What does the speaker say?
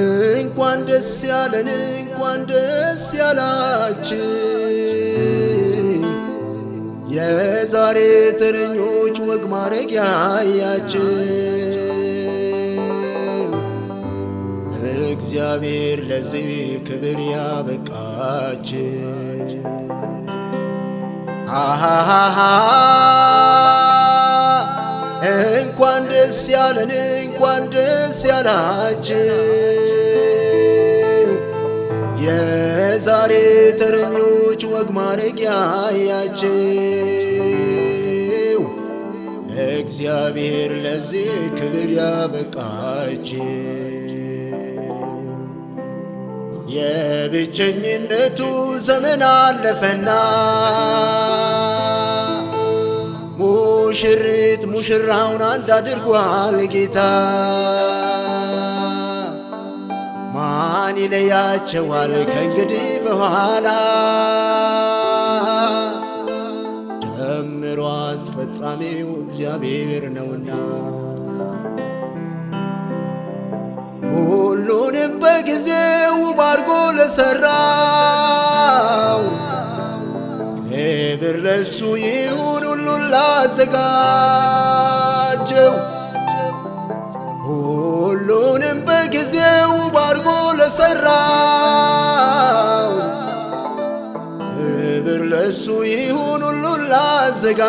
እንኳን ደስ ያለን እንኳን ደስ ያላችን የዛሬ ተረኞች ወግ ማድረግ እግዚአብሔር ለዚህ ክብር ያበቃችን እንኳን ደስ ያለን እንኳን ደስ ያላችሁ የዛሬ ተረኞች ወግ ማድረግ እግዚአብሔር ለዚህ ክብር ያበቃችሁ። የብቸኝነቱ ዘመን አለፈና ሙሽሪ ቤት ሙሽራውን አንድ አድርጓል ጌታ። ማን ይለያቸዋል ከእንግዲህ በኋላ ጀምሮ አስፈጻሚው እግዚአብሔር ነውና ሁሉንም በጊዜው ባርጎ ለሠራ ክብር ለሱ ይሁን ሁሉን ላዘጋጀው ሁሉንም በጊዜው ባርጎ ለሰራው ክብር ለሱ ይሁን ሁሉን ላዘጋ